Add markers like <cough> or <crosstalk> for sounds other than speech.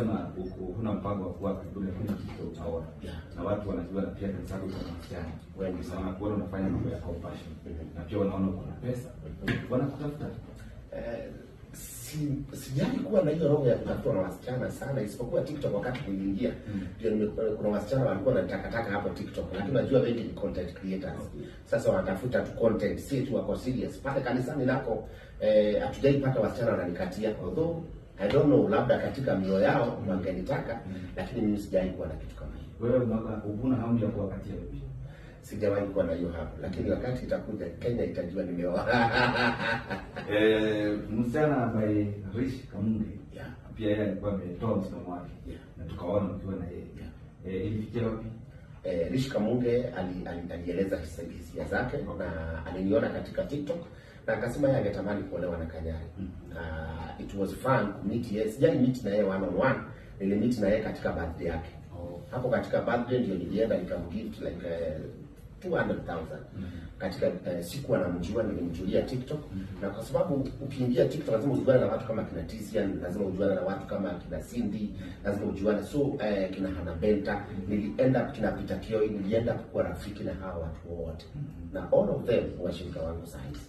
umesema huna mpango wa kuwapa karibuni, lakini kitu utaona na watu wanajua, na pia kanisa lako kuna vijana wengi sana, kuona unafanya mambo ya compassion na pia wanaona uko na pesa, wanakutafuta. Eh, si sijali kuwa na hiyo roho ya kutafuta na wasichana sana, isipokuwa TikTok wakati niliingia hmm. ndio mm. Nimekuwa kuna wasichana walikuwa wanataka taka hapo TikTok, lakini najua wengi ni content creators okay. Sasa wanatafuta tu content, si tu wako serious pale kanisani nako. Eh, pata wasichana wananikatia although I don't know, labda katika mioyo yao wangenitaka lakini mimi sijawahi kuwa na kitu kama hiyo. Wewe huna hamu ya kuwapatia vipi? Sijawahi kuwa na hiyo hapo, lakini mm. wakati itakuja Kenya itajua nimeoa. <laughs> Eh, msichana ambaye Rich Kamunge yeah. pia yeye alikuwa ametoa msimamo wake yeah. na tukaona ukiwa na yeye yeah. eh, ilifikia wapi? E, eh, Lishi Kamunge alieleza ali, ali hisia zake na aliniona katika TikTok na akasema yeye angetamani kuolewa na Kanyari mm -hmm. Uh, it was fun meet yeye, sijali meet na yeye one on one, nili meet na yeye katika birthday yake oh. Hapo katika birthday ndio nilienda nikamgift like uh, 200,000 mm-hmm. katika uh, eh, siku anamjua, nilimjulia TikTok mm -hmm. na kwa sababu ukiingia TikTok lazima ujuane na watu kama kina Tizian, lazima ujuane na watu kama kina Cindy, mm-hmm. lazima ujuane so uh, kina Hana Benta mm -hmm. nilienda kina Peter Kioi, nilienda kuwa rafiki na hawa watu wote mm -hmm. na all of them washirika wangu saa hizi.